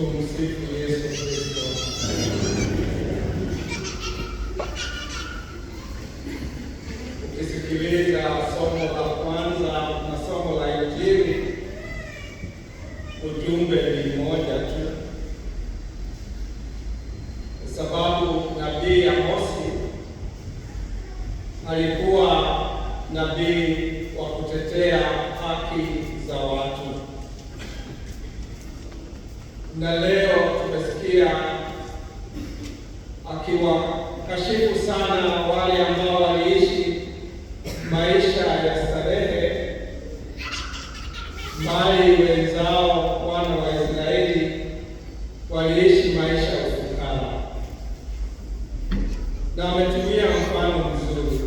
como se conhece o cristão. Tukisikiliza somo la kwanza na somo la Injili, e ni mmoja aquilo pia akiwakashifu sana wale ambao waliishi maisha ya starehe mali wenzao, wana wa Israeli waliishi maisha ya ufukara, na wametumia mfano mzuri: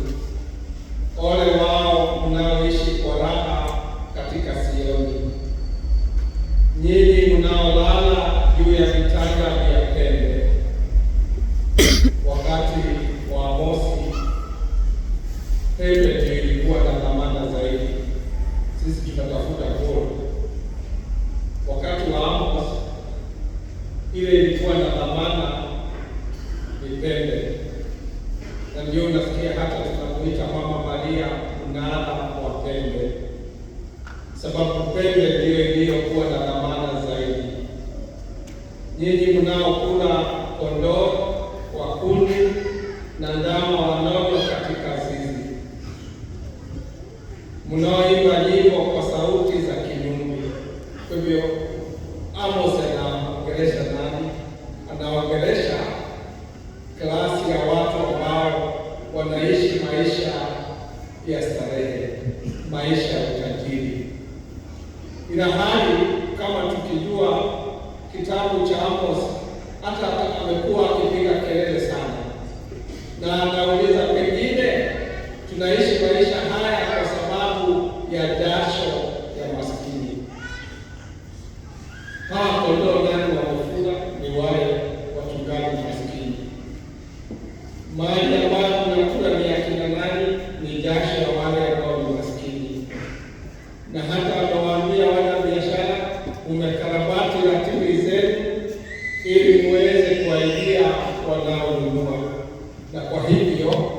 ole wao mnaoishi pembe ilikuwa na dhamana zaidi. Sisi tutatafuta kura wakati wa Amos, ile ilikuwa na dhamana ipende, na ndio nasikia hata tunamuita Mama Maria mnara wa pembe, sababu pembe ndiyo iliyokuwa na hivyo Amos anaongelesha nani? Anaongelesha klasi ya watu ambao wanaishi maisha ya starehe, maisha ya utajiri, ila hali kama tukijua kitabu cha Amos, hata amekuwa akipiga kelele sana, na anauliza pengine tunaishi maisha haya kwa sababu ya jasho maji ambayo tunakula ni ya kina nani? Ni jasho ya wale ambao ni maskini. Na hata amewaambia wana biashara, umekarabati ratili zenu ili muweze kuwaidia wanaonunua, na kwa hivyo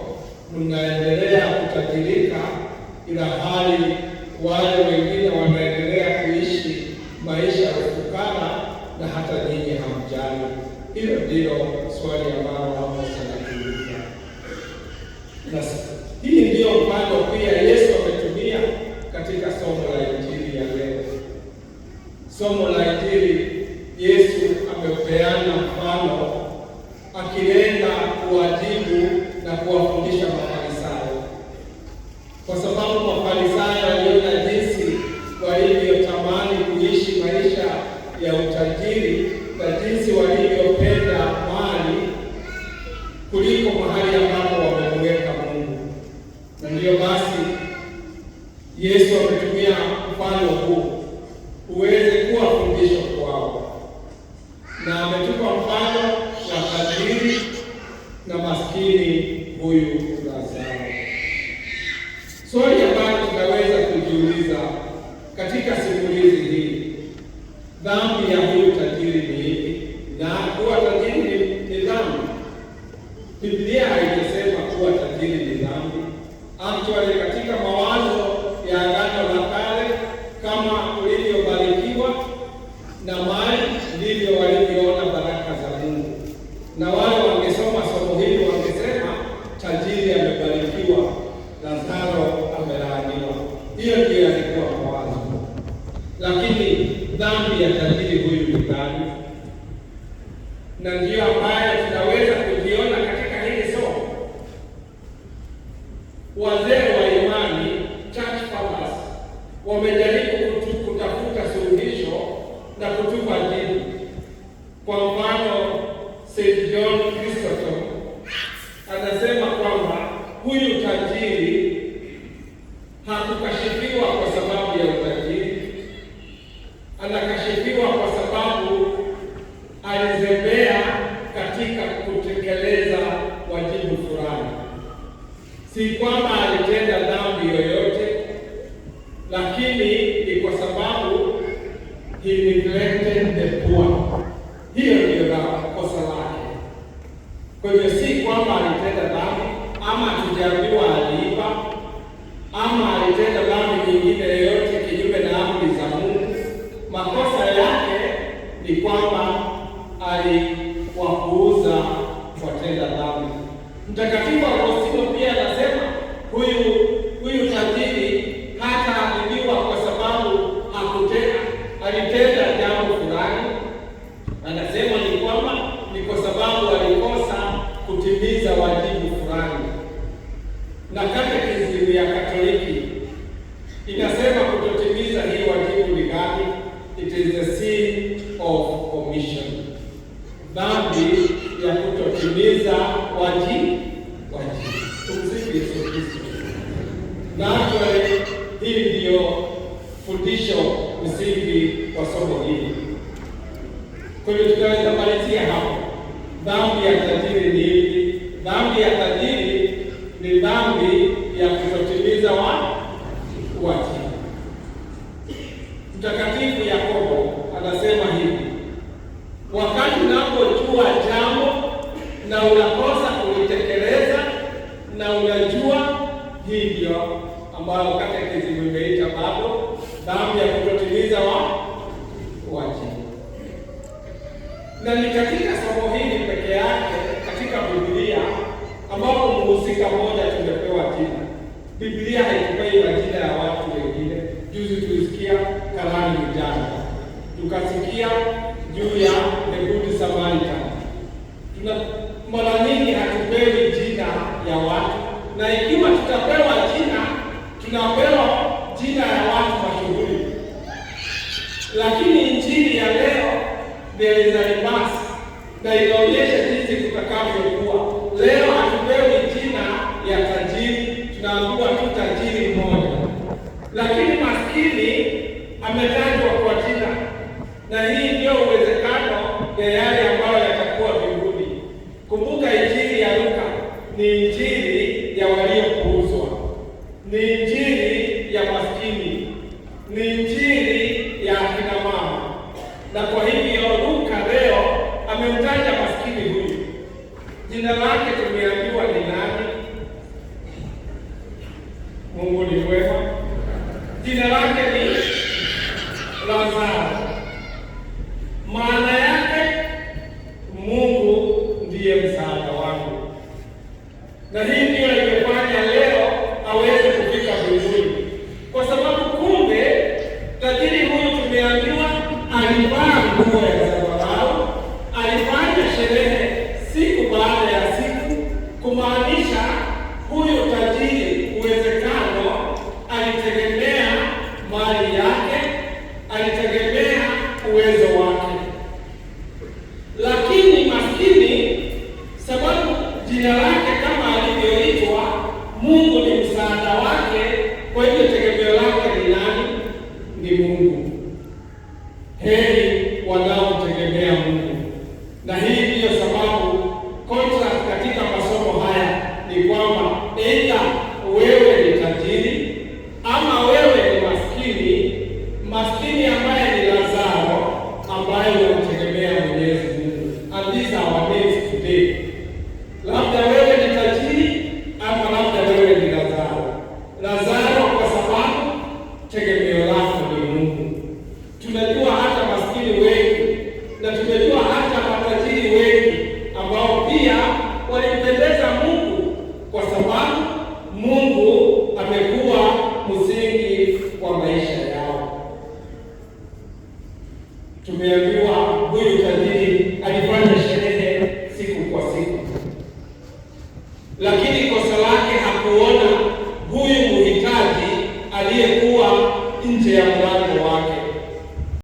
mnaendelea kutajirika, ila hali wale wengine wanaendelea kuishi maisha ya kufukara, na hata nyinyi hamjali. Hilo ndilo swali ambalo somo la Injili, Yesu amepeana mfano akilenga kuwajibu na kuwafundisha Mafarisayo, kwa sababu Mafarisayo waliona jinsi walivyotamani kuishi maisha ya utajiri na jinsi walivyo na ametupa mfano wa tajiri na maskini huyu Lazaro. Swali ambalo tunaweza kujiuliza katika simulizi hii, dhambi ya huyu tajiri ni ipi? Na kuwa tajiri ni dhambi? Biblia haijasema kuwa tajiri ni dhambi. Actually tajiri amebarikiwa, Lazaro amelaaniwa. Hiyo ndiyo yalikuwa mawazo, lakini dhambi ya tajiri huyu ni gani? na ndiyo ambaye Mtakatifu Agostino pia anasema huyu huyu tajiri hata alibiwa kwa sababu hakutenda, alitenda jambo fulani. Anasema ni kwamba ni kwa sababu alikosa kutimiza wajibu fulani na Hii ndiyo fundisho msingi wa somo hili. Kwa hivyo tunaweza kumalizia hapo, dhambi ya tajiri ni hivi, Dhambi ya tajiri ni dhambi ya kutotimiza wa wajibu mtakatifu ya na ni katika somo hili peke yake katika Biblia ambapo mhusika mmoja tumepewa jina. Biblia haitupei majina ya watu wengine. Juzi tulisikia karani mjana, tukasikia juu ya the good Samaritan. Tuna mara nyingi hatupewi jina ya watu, na ikiwa tutapewa jina, tunapewa jina ya watu mashuhuri, lakini ni injili ya maskini, ni injili ya akina mama, na kwa hivyo Luka leo amemtaja maskini huyu. Jina lake tumeambiwa ni nani? Mungu ni mwema. Jina lake ni Lazaro. alivaa nguo ya zambarau, alifanya sherehe siku baada ya siku, kumaanisha huyo tajiri uwezekano alitegemea mali yake, alitegemea uwezo wake, lakini maskini sababu jina que o meio ambiente